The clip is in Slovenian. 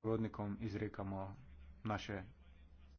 sorodnikom izrekamo naše